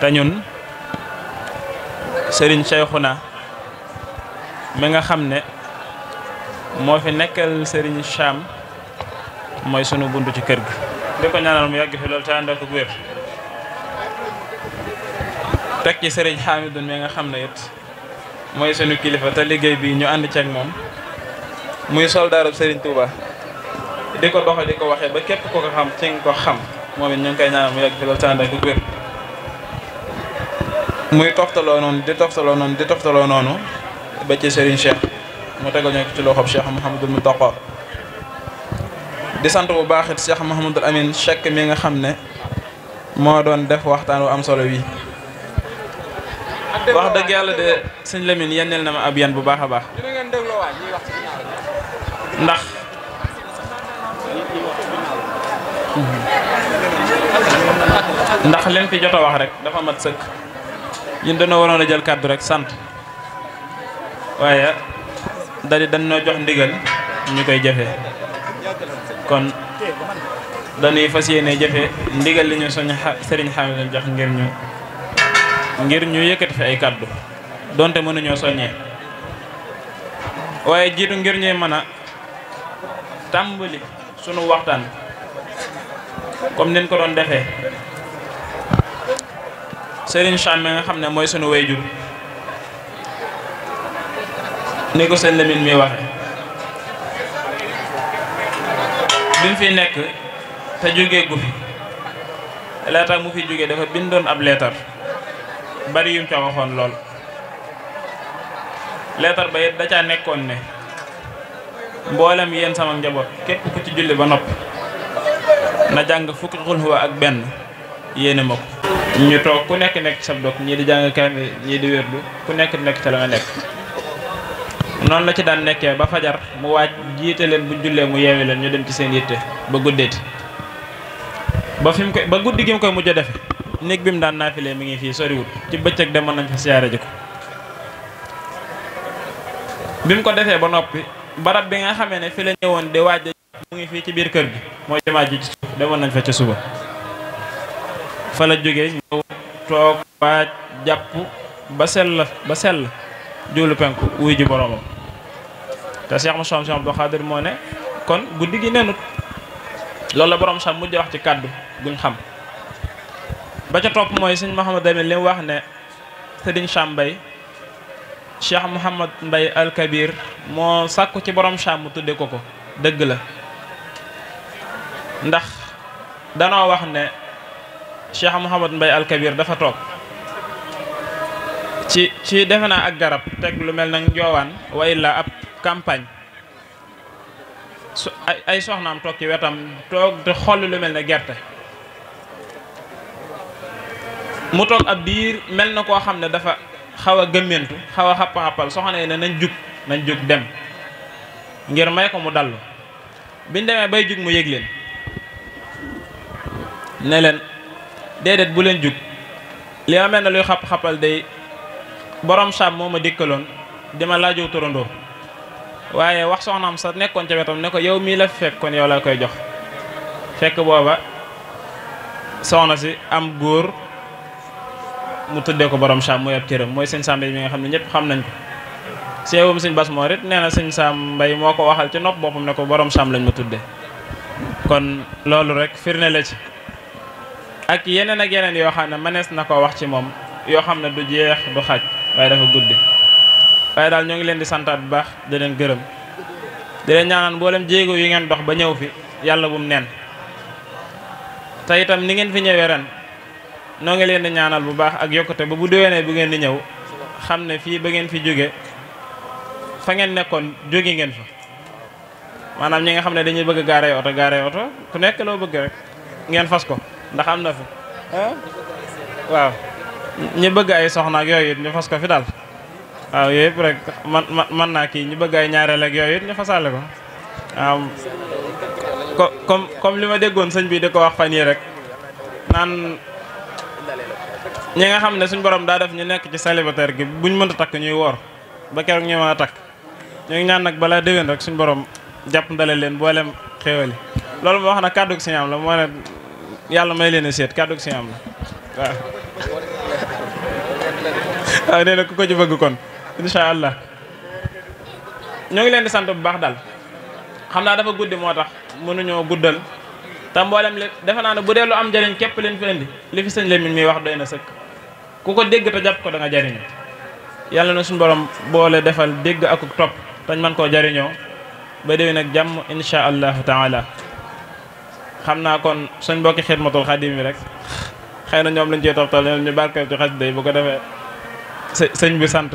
te ñun Serigne Cheikhouna mi nga xam ne moo fi nekkal Serigne Cham mooy sunu buntu ci kër gi. di ko ñaanal mu yàgg fi loolu te ànd ak wér teg ci Serigne Hamidou mi nga xam ne it mooy sunu kilifa te liggéey bi ñu ànd ceeg moom muy soldaarab Serigne Touba. di ko doxee di ko waxe ba képp ko ko xam ci nga ko xam moom it ñu ngi koy ñaanal mu yàgg fi loolu te ànd wér. muy toftaloo noonu di toftaloo noonu di toftaloo noonu ba ci Serigne Cheikh mu tegal ñu ci loxob Cheikh mu Mountakha di sant bu baax it Cheikh Mouhamadul Amine Cheikh mi nga xam ne moo doon def waxtaan wu am solo wi wax dëgg yàlla de sëñ lemin yenneel na ma ab yan bu baax a baax ndax ndax leen fi jot a wax rek dafa mat sëkk ñun dañoo waroon a jël kàddu rek sant waaye dali dañ noo jox ndigal ñu koy jafe kon dañuy fas yéene jafe ndigal li ñu soññ sëriñ xaamil lañ jox ngir ñu ngir ñu yëkkati fi ay kàddu donte mënuñoo soññee waaye jiitu ngir ñuy mën a tàmbali sunu waxtaan comme niñ ko doon defee Serigne Cham nga xam ne mooy sunu wayjur ni ko sëñ Lamine mi waxe bi mu fi nekk te jógee gu fi mu fi jóge dafa bindoon ab leetar bari ca waxoon lool leetar ba it da caa nekkoon ne mboolem yéen sama njaboot képp ku ci julli ba nopp na jàng fukki xul huwa ak benn yéene ma ko ñu toog ku nekk nekk ci sab dog ñii di jàng kaamil ñii di wér wérdu ku nekk nekk ca la nga nekk noonu la ci daan nekkee ba fajar mu waaj jiite leen bu jullee mu yeewi leen ñu dem ci seen yitte ba guddeeti ba fi mu koy ba guddi gi mu koy mujj defe néeg bi mu daan naafilee mi ngi fii soriwut ci bëccëg demoon nañ fa siyaare ji ko bi mu ko defee ba noppi barab bi nga xamee ne fi la woon di waaj mu ngi fii ci biir kër gi mooy jumaa ji ci nañ fa ca suba fa la jógee ñëw basel basel, jàpp ba sell ba sel jublu penku wuy ji boromam ta Cheikh xam Khadir mo ne kon guddi gi nenut loolu la borom xam mujj wax ci kaddu guñ xam ba ca top moy seigne mohammed damel lim wax ne seigne chambay Cheikh mohammed mbay Al Kabir mo sakku ci borom xam mu tudde ko ko dëgg la ndax dano wax ne Cheikh Mouhamad Mbay Alkabir dafa toog ci ci defe naa ak garab teg lu mel nag njoowaan wayla illa ab campagne ay soxnaam toog ci wetam toog te xol lu mel ne gerte mu toog ab diir mel na koo xam ne dafa xaw a gëmmentu xaw a xappa-xappal soxna yi ne nañ jug nañ jug dem ngir may ko mu dallu biñ demee bay jug mu yëg leen ne leen déedéet bu leen jug li ma na ne luy xap-xapal day boroom saam moo ma dikkaloon dima laajoo turandoo waaye wax soxnaam sa nekkoon ca wetam ne ko yow mii la fi fekk kon yow laa koy jox fekk booba soxna si am góor mu tuddee ko borom saam mooy ab cëram mooy sëñ Saam Mbay mi nga xam ne ñëpp xam nañ ko sëñ Bas Moor it nee na sëñ Saam Mbay moo ko waxal ci nopp boppam ne ko borom saam lañ ma tuddee kon loolu rek firnde la ci. ak yenen ak yenen yo xamne manes nako na wax ci mom yo xamne du jeex du xaj way dafa guddé way dal ñoo leen di santat bu baax de leen gërëm de leen ñaanaan mboolem jéego yu ngeen dox ba ñew fi yalla bu mu neen te itam ni ngeen fi ñewé ran no ngi leen di ñaanal bu baax ak yokkute ba bu déwénee bu ngeen di ñew xamne fi ba ngeen fi jóge fa ngeen nekkon joggi ngeen fa manam ñi nga xamne dañuy bëgg garé auto garé auto ku nekk lo bëgg rek ngeen fas ko ndax am na fi waaw ñi bëgg ay soxna ak yooyu it ñu fas ko fi dal waaw yooyu yëpp rek man man naa kii ñi bëgg ay ñaareel ak yooyu it ñu fasale ko waaw comme comme li ma déggoon sëñ bi di ko wax fan yii rek naan ñi nga xam ne suñ borom daa def ñu nekk ci célibataire gi buñ mënta takk ñuy woor ba keroog ñu mën a takk ñu ngi ñaan nag bala déwén rek suñ borom jàpp ndale leen boolem xéewali loolu moo wax na kàddu gi si la moo ne yàlla may leen a seet kàddu si am la waaw. nee na ku ko ci bëgg kon incha allah ñoo ngi leen di sant bu baax daal xam naa dafa guddi moo tax mënuñoo guddal te mboolem li defe naa ne bu dee lu am jariñ képp leen fi indi li fi sëñ Lamine mi wax doy na sëkk ku ko dégg te jàpp ko da nga yàlla na suñu borom boole defal dégg ak topp tañ man koo jariñoo ba déwén nag jàmm incha allahu taala xam naa kon suñ mbokki xidmatul xadim yi rek xëy na ñoom lañ cee toftal ñoom ñu barkeel ci xasida yi bu ko defee sëñ bi sant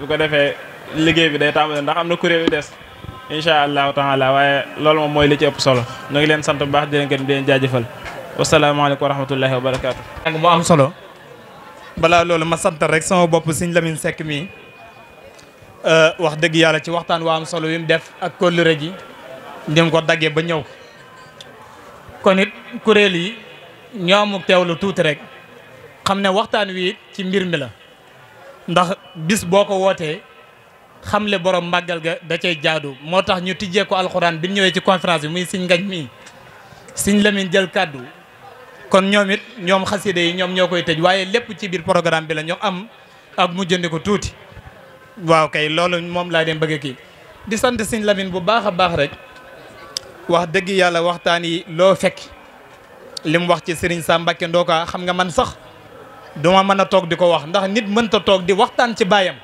bu ko defee liggéey bi day tàmbale ndax am na kuréel yu des incha allahu taala waaye loolu mooy li ci solo ñu ngi leen sant bu baax di leen gërëm di leen jaajëfal wasalaamaaleykum wa rahmatullahi wa barakaatu. mu am solo balaa loolu ma santa rek sama bopp sëñ Lamine sekk mii euh, wax dëgg yàlla ci waxtaan waa am solo wi mu def ak kóllëre ji ni mu ko daggee ba ñëw. kon it kuréel yi ñoo teew teewlu tuuti rek xam ne waxtaan wi ci mbir mi la ndax bis boo ko wootee xam xamle borom màggal ga da cay jaadu moo tax ñu tijjee ko alxuraan bi ñëwee ci conférence bi muy siñ ngañ mii siñ lamin jël kàddu kon ñoom it ñoom xaside yi ñoom ñoo koy tëj waaye lépp ci biir programme bi la ñu am ak ko tuuti waaw kay loolu moom laa dem bëgg kii di sant siñ lamin bu baax a baax rek wax deug yalla waxtani lo fek lim wax ci Serigne samba Mbacké Ndoka xam nga man sax duma meuna tok diko wax ndax nit mënta tok di waxtan ci bayam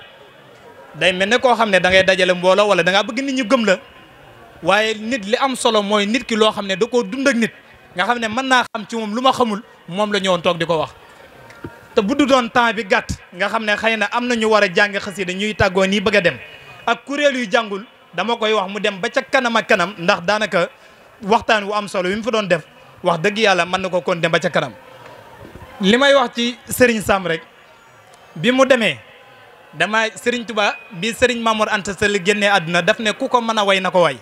day melne ko xamne da ngay dajale mbolo wala da nga bëgg nit ñu gëm la waye nit li am solo moy nit ki lo xamne ne da koo dund ak nit nga xamne man na xam ci mom luma xamul mom la ñewon tok diko ko wax te bu du don temps bi gatt nga xamne xeyna amna ñu wara jang jàng ñuy tàggoo nii bëgg dem ak yu jangul dama koy wax mu dem ba ca kanam ak kanam ndax daanaka waxtaan wu am solo wi mu fa doon def wax dëgg yàlla mën na ko kon dem ba ca kanam. li may wax ci Serigne Sam rek bi mu demee dama Serigne Touba bi Serigne Mamour Anta Sall génnee àdduna daf ne ku ko mën a way na ko way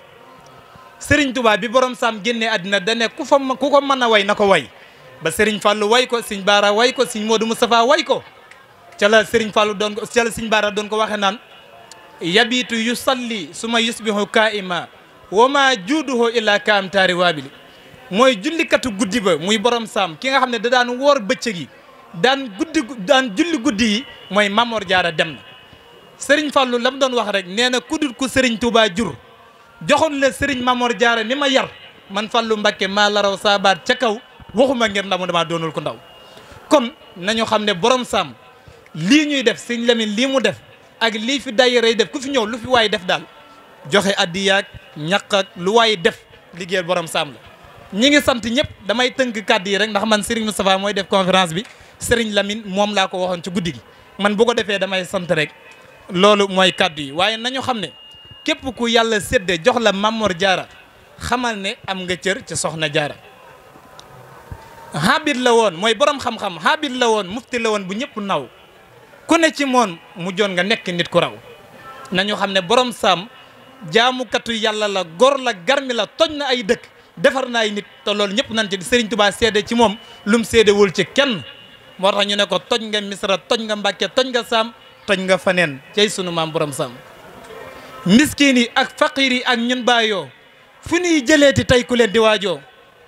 seriñ Touba bi borom Sam génnee àdduna da ne ku fa ku ko mën a way na ko way ba Serigne Fallou way ko Serigne Bara way ko Serigne Modou Moustapha way ko ca la Serigne Fallou doon ko ca la Serigne Bara doon ko waxee naan. yabitu yusalli suma yusbihu kaa'ima wa ma juuduhu illa kaamtaari waabili mooy jullikatu guddi ba muy borom saam ki nga xam ne da daan woor bëccëg yi daan guddi daan guddi yi mooy Mamor Jaara dem na sëriñ Fallou la doon wax rek nee na ku dul ku jur joxoon le sëriñ Mamor Jaara mi ma yar man Fallou Mbakke maa la raw saabaat ca kaw waxuma ngir ndamu damaa doonul ko ndaw kon nañu xam ne borom saam lii ñuy def sëñ Lamin lii mu def ak lii fi daayira yi def ku fi ñëw lu fi waay def daal joxe addiyaak ñaq ak lu waay def liggéey borom saam la ñi ngi sant ñëpp damay tënk kàdd yi rek ndax man Serigne Moustapha mooy def conférence bi sëriñ lamin moom laa ko waxoon ci guddi gi man bu ko defee damay sant rek loolu mooy kàddu yi waaye nañu xam ne képp ku yàlla séddee jox la Mamor jaara xamal ne am nga cër ci Soxna jaara habit la woon mooy borom xam-xam habit la woon mufti la woon bu ñëpp naw ku ne ci moom mu joon nga nekk nit ku raw na nañu xam ne borom saam jaamukatu yàlla la gor la garmi la toj na ay dëkk defar na ay nit te loolu ñëpp nan ci Serigne Touba seede ci moom lum seedewul ci kenn moo tax ñu ne ko toj nga misra toj nga mbàkke toj nga saam toj nga faneen cey sunu maam borom saam miskin yi ak faqiir yi ak ñun baayoo fu ñuy jëleeti tey ku leen di waajoo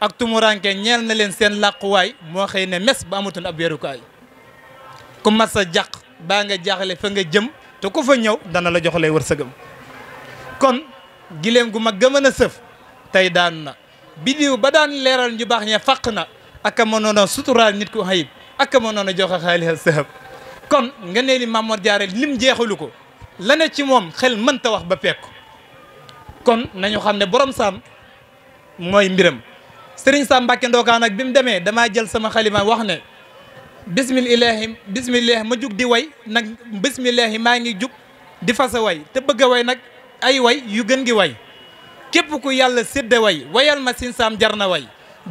ak tumuranke ñeel na leen seen làquwaay moo xëy ne mes ba amutoon ab weerukaay jàq baa nga jaaxle fa nga jëm te ku fa ñëw dana la jox lay wërsëgam kon gileem gu mag ga sëf tey daan na bidiw ba daan leeral ñu baax ña fàq na ak a a suturaal nit ku xayib ak a mënoon a joxe xaalis sëhab kon nga nee li Mamoor Jaara lim jeexalu ko la ci moom xel mënta wax ba pekk kon nañu xam ne borom sam mooy mbiram Serigne Sam Mbàkke Ndookaan ak bi mu demee damaa jël sama xalima wax ne bismillaahi bismillaahi ma jug di way nag bismillaahi maa ngi jug di fas way te bëgg a way nag ay way yu gën gi way képp ku yàlla sédde way wayal ma sin saam jar na way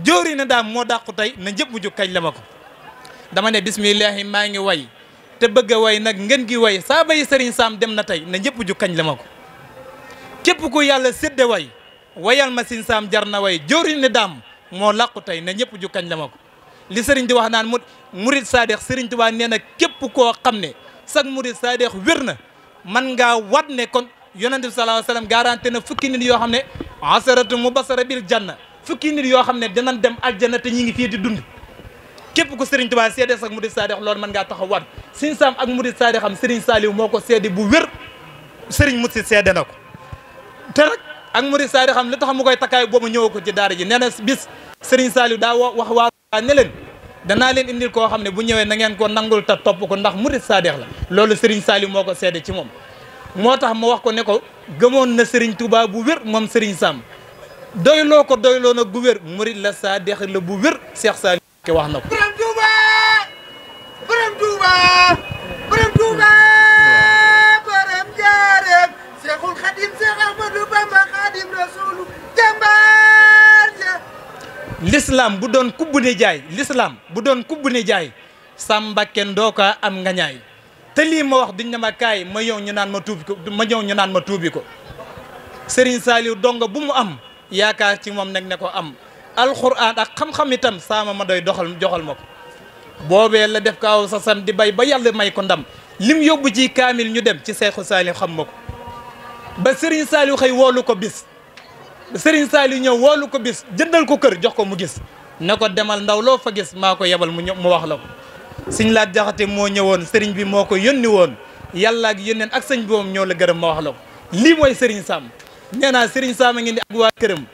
jóori na daam moo dàqu tey na ñëpp mu jug kañ la ko dama ne bismillaahi maa ngi way te bëgg way nag ngeen gi way saa bay sëriñ saam dem na tey na ñëpp jug kañ ko képp ku yàlla sédde way wayal ma sin saam jar na way jóori na daam moo làqu tey na ñëpp jug kañ la ko li sëriñ di wax naan mu murid saadeex sëriñ Tuubaa nee na képp koo xam ne sag murid saadeex wér na man ngaa wat ne kon yonente bi sallallahu alayhi wasallam garanté na fukki nit yoo xam ne asaratu mubasara bil janna fukki nit yoo xam ne dinañ dem aljanna te ñi ngi fii di dund képp ku sëriñ Tuubaa seede ak murid saadeex loolu man ngaa taxaw wat sëriñ Sam ak murid saadeex am sëriñ Saaliw moo ko seede bu wér sëriñ Musi seede na ko te ak murid saadeex am li taxa mu koy takkaay boobu ñëw ko ci ji nee na bis sëriñ Saaliw daa wax waa danaa leen indil koo xam ne bu ñëwee na ngeen ko nangul ta topp ko ndax murit saadeex la loolu Serigne Saliou moo ko seede ci moom moo tax ma wax ko ne ko gëmoon na Serigne Touba bu wér moom Serigne Sam doyloo ko doyloo nag gu wér murit la saadeex la bu wér seex Saliou ke wax na ko lislaam bu doon kubbu ne jaay lislaam bu doon kubbu ne jaay sàmbakke ndooka am nga ñaay te lii ma wax duñ ne ma kaay ñu naan ma tuubi ko ma ñëw ñu naan ma tuubi ko Serigne Saliou donga bu mu am yaakaar ci moom nag ne ko am alxuraan ak xam-xam itam saama ma doy doxal joxal ma ko boobee la def kaaw sa san di bay ba yàlla may ko ndam lim yóbbu ci kaamil ñu dem ci seexu saali xam ma ko ba Serigne Saliou xëy woolu ko bis Serigne Saliou ñëw woolu ko bis jëndal ko kër jox ko mu gis na ko demal ndaw loo fa gis maa ko yebal mu mu wax la ko sëñ laa jaxate moo ñëwoon sëriñ bi moo ko yónni woon yàlla ak yeneen ak sëñ boom ñoo la gërëm ma wax la ko lii mooy sëriñ Sam nee naa sëriñ Sam a ngi ni ak waa këram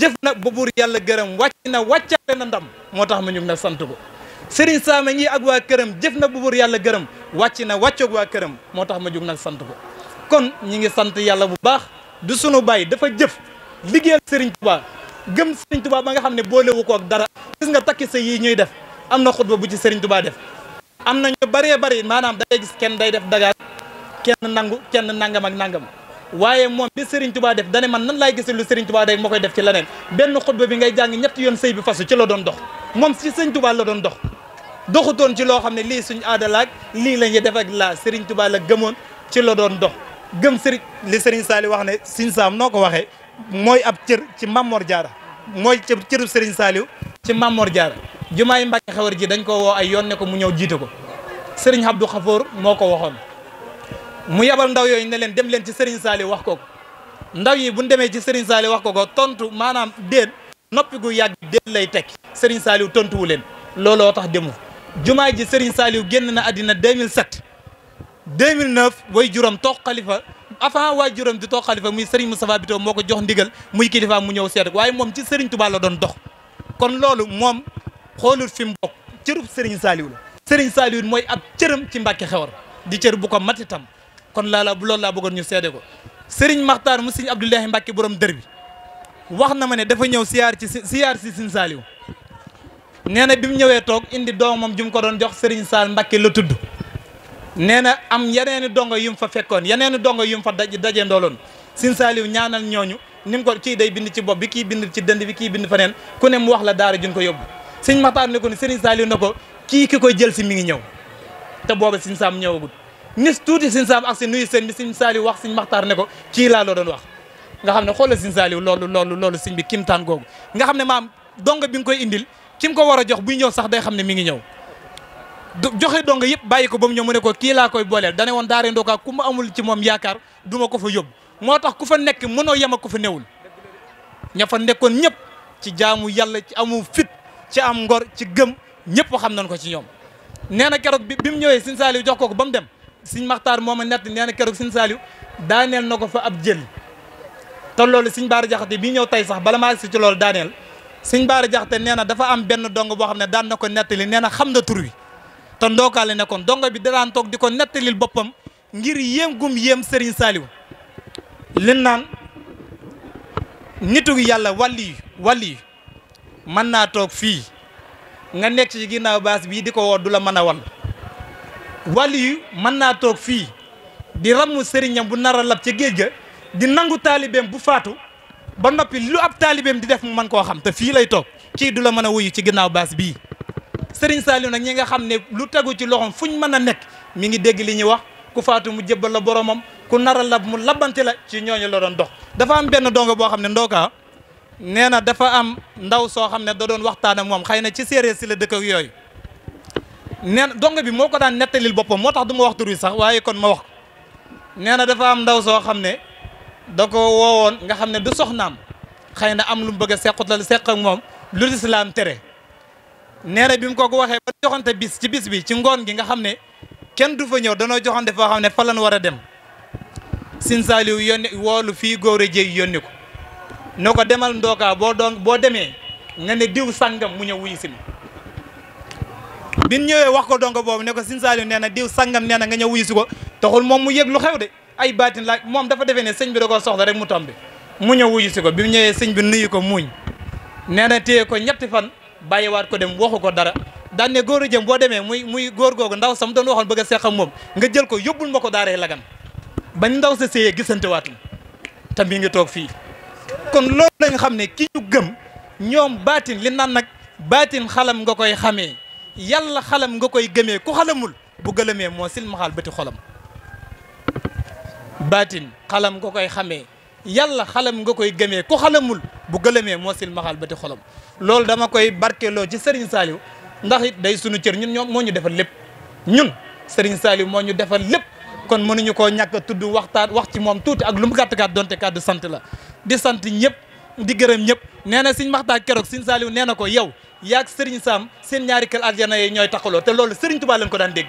jëf na ba buur yàlla gërëm wàcc na wàccaale na ndam moo tax ma ñu nag sant ko sëriñ Sam a ngi ak waa këram jëf na ba buur yàlla gërëm wàcc na wàccoog waa këram moo tax ma jug nag sant ko kon ñi ngi sant yàlla bu baax du sunu bàyyi dafa jëf liggéeyal Serigne Touba gëm Serigne Touba ba nga xam ne boolewu ko ak dara gis nga takki sa yii ñuy def am na xutba bu ci Serigne Touba def am na ñu bëree bëri maanaam day gis kenn day def dagaar kenn nangu kenn nangam ak nangam waaye moom bi Serigne Touba def dane man nan laay gisee lu Serigne Touba day moo koy def ci leneen benn xutba bi ngay jàng ñetti yoon sëy bi fasu ci la doon dox moom ci Serigne Touba la doon dox doxutoon ci loo xam ne lii suñu aada laag lii la ñuy def ak laa Serigne tubaa la gëmoon ci la doon dox gëm Serigne li Serigne Sali wax ne Sine saam noo ko waxee mooy ab cër ci Mamor Diarra mooy cëru Serigne Saliou ci Mamor Diarra jumaay Mbàkke Xewar ji dañ ko woo ay yoon ne ko mu ñëw jiite ko Serigne Abdou Khafour moo ko waxoon mu yabal ndaw yooyu ne leen dem leen ci Serigne Saliou wax ko ndaw yi bu ñu demee ci Serigne Saliou wax ko ko tontu maanaam déet noppi gu yàgg déet lay tekk Serigne Saliou tontuwu leen looloo tax demu jumaay ji Serigne Saliou génn na àddina 2007 2009 way juróom toog xalifa avant waajuram di toog xalifa muy Serigne Moustapha Biteye moo ko jox ndigal muy kilifa mu ñëw seet waaye moom ci Serigne Touba la doon dox kon loolu moom xoolul fi mu bokk cërub Serigne saaliw la Serigne Saliou mooy ab cëram ci Mbàkke Xewar di cër bu ko mat itam kon laalaa bu loolu laa bëggoon ñu seede ko Serigne Makhtar mu Serigne Abdoulahi Mbàkke borom dër bi wax na ma ne dafa ñëw siyaar ci si si saaliw Saliou nee bi mu ñëwee toog indi doomam ju mu ko doon jox Serigne Sall Mbàkke la tudd nee na am yeneeni dongo yu mu fa fekkoon yeneeni dongo yu mu fa daj daje ndooloon Sëñ Saaliw ñaanal ñooñu ni mu ko kii day bind ci bopp bi kii bind ci dënd bi kii bind feneen ku ne mu wax la daara juñ ko yóbbu sëñ Maxtaar ne ko ni Sëriñ Saaliw ne ko kii ki koy jël si mi ngi ñëw te booba sëñ Saam ñëwagul nis tuuti sëñ Saam ak si nuyu sëñ bi sëñ Saaliw wax sëñ Maxtaar ne ko kii laa loo doon wax nga xam ne xoolal sëñ Saaliw loolu loolu loolu sëñ bi kimtaan googu nga xam ne maam dongo bi nga koy indil ki mu ko war a jox buy ñëw sax day xam ne mi ngi ñëw joxe donga yëpp bàyyi ko ba mu ñëw mu ne ko kii laa koy booleel dane woon daaree ndokaa ku ma amul ci moom yaakaar du ma ko fa yóbbu moo tax ku fa nekk mënoo yem ak ku fa newul ña fa nekkoon ñëpp ci jaamu yàlla ci amu fit ci am ngor ci gëm ñëpp xam nañ ko ci ñoom nee na keroog bi bi mu ñëwee sin saaliw jox ko ko ba mu dem siñ maxtaar mooma nett nee na keroog sin saaliw daaneel na ko fa ab jël te loolu siñ jax jaxate bii ñëw tey sax bala maa si ci loolu daaneel siñ baara jaxate nee na dafa am benn dong boo xam ne daan na ko nettali nee na xam na tur te ndookaale nekkoon dongo bi dadaan toog di ko nettalil boppam ngir yéem gum yéem Serigne Saliou lin naan nitu yàlla wàlli wàlli mën naa toog fii nga nekk ci ginnaaw baas bii di ko woo du la mën a wal wàlli yu mën naa toog fii di ramu sëriñam bu nar a lab ca géej ga di nangu taalibeem bu faatu ba noppi lu ab taalibeem di def mu mën koo xam te fii lay toog kii du la mën a wuyu ci ginnaaw baas bii Serigne Saliou nag ñi nga xam ne lu tegu ci loxoom fuñ mën a nekk mi ngi dégg li ñu wax ku faatu mu jébbal la boromam ku nara la mu labante la ci ñooñu la doon dox. dafa am benn dongo boo xam ne ndooka nee na dafa am ndaw soo xam ne da doon waxtaan ak moom xëy na ci séeréer si dëkk ak yooyu nee na bi moo ko daan nettalil boppam moo tax du ma wax tur sax waaye kon ma wax nee na dafa am ndaw soo xam ne da nga xam ne du soxnaam xëy na am lu mu bëgg a sequt la seq ak moom lu lislaam tere. nee bi mu ko ko waxee ba joxante bis ci bis bi ci ngoon gi nga xam ne kenn du fa ñëw danoo joxante foo xam ne fa lan war a dem sin saaliw yónni woolu fii góor a jéy yónni ko ne ko demal ndookaa boo doon boo demee nga ne diw sangam mu ñëw wuyu si bin ñëwee wax ko donko boobu ne ko sin nee na diw sangam nee na nga ñëw wuyu si ko taxul moom mu yëg lu xew de ay baatin la moom dafa defee ne sëñ bi da koo soxla rek mu tombe mu ñëw wuyu si ko bi mu ñëwee sëñ bi nuyu ko muñ nee na téye ko ñetti fan bàyyiwaat ko dem waxu ko dara daan ne góor a jëm boo demee muy muy góor googu ndaw sam doon waxoon bëgg a seex ak moom nga jël ko yóbbul ma ko daaree lagan bañ ndaw sa séyee gisantewaat la te mi nga toog fii kon loolu lañ xam ne ki ñu gëm ñoom baatin li naan nag baatin xalam nga koy xamee yàlla xalam nga koy gëmee ku xalamul bu gëlëmee moo silmaxaal bëti xolam baatin xalam nga koy xamee yàlla xalam nga koy gëmee ku xalamul bu gëlëmee moo sil ba ti xolam loolu dama koy barkeeloo ci Serigne Saliou ndax it day sunu cër ñun ñoom moo ñu defal lépp ñun Serigne Saliou moo ñu defal lépp kon mënuñu koo ñàkk a tudd waxtaan wax ci moom tuuti ak lu mu gàtt donte kàddu sant la di sant ñëpp di gërëm ñëpp nee na Serigne Makhtar keroog Serigne Saliou nee na ko yow yaag Serigne Sam seen ñaari kël aljana yi ñooy taxaloo te loolu Serigne Touba lañ ko daan dégg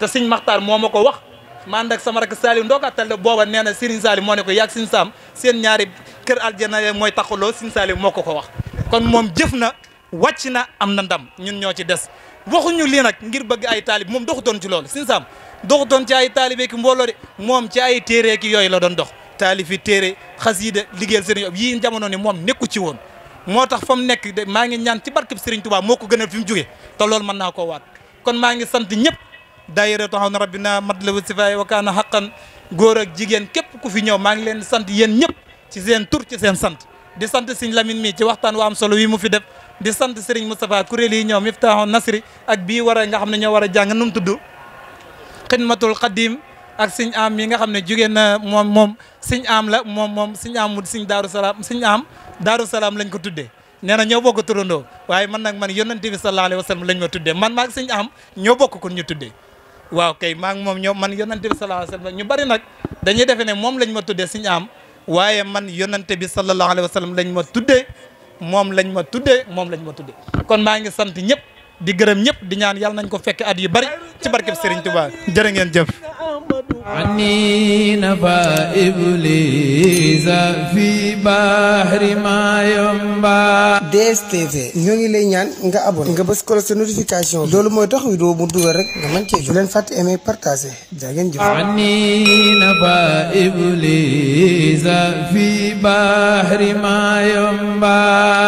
te Serigne Makhtar moo ma ko wax ma ànd ak sama rak Saliou ndookatal booba nee na Serigne Saliou moo ne ko yàgg Serigne Sam seen ñaari kër aljana mooy taxaloo Serigne Saliou moo ko ko wax kon moom jëf na wàcc na am na ndam ñun ñoo ci des waxuñu lii nag ngir bëgg ay taalib moom doxutoon ci loolu Serigne Sam doxutoon ci ay taalibe ki mbooloo moom ci ay téere ki yooyu la doon dox taalifi téere xasiida liggéeyal sëriñ yob yii jamono ni moom nekku ci woon moo tax fa nekk de maa ngi ñaan ci barkeb Serigne Touba moo ko gënal fi mu jógee te loolu mën naa koo waat kon maa ngi sant ñëpp daayira taxaw na rabbina matlabu sifaay wa kaana xaqan góor ak jigéen képp ku fi ñëw maa ngi leen sant yéen ñëpp ci seen tur ci seen sant di sant Sëriñ lamin mii ci waxtaan wa am solo wi mu fi def di sant Sëriñ Moustapha kuréel yi ñoow ñëw Miftaahu Nasri ak bii war a nga xam ne ñoo war a jàng nu mu tudd xidmatul xadim ak Sëriñ am yi nga xam ne jigéen na moom moom Sëriñ am la moom moom Sëriñ am mu Sëriñ Daaru Salaam Sëriñ am Daaru Salaam lañ ko tuddee nee na ñoo bokk turandoo waaye man nag man yonent bi sallallahu alayhi wa sallam lañ ma tuddee man maag Sëriñ am ñoo bokk kon ñu tuddee waaw kay maa ngi moom ñoom man yonante bi sallallahu alayhi wa ñu bari nag dañuy defe ne moom lañ ma tuddee Serigne Am waaye man yonante bi sallallahu alayhi wa sallam lañ ma tuddee moom lañ ma tuddee moom lañ ma tuddee kon maa ngi sant ñëpp di gërëm ñëpp di ñaan yàlla nañ ko fekk at yu bari ci barkeb Serigne Touba jërë ngeen jëf عني نبا إبليس في بحر ما ينبع DSTV ñoo ngi lay ñaan nga abonné nga bës ko sa notification loolu mooy tax vidéo bu dugal rek nga mën cee jot leen fàtte aimer partager jaa ngeen jëf عني نبا إبليس في بحر ما ينبع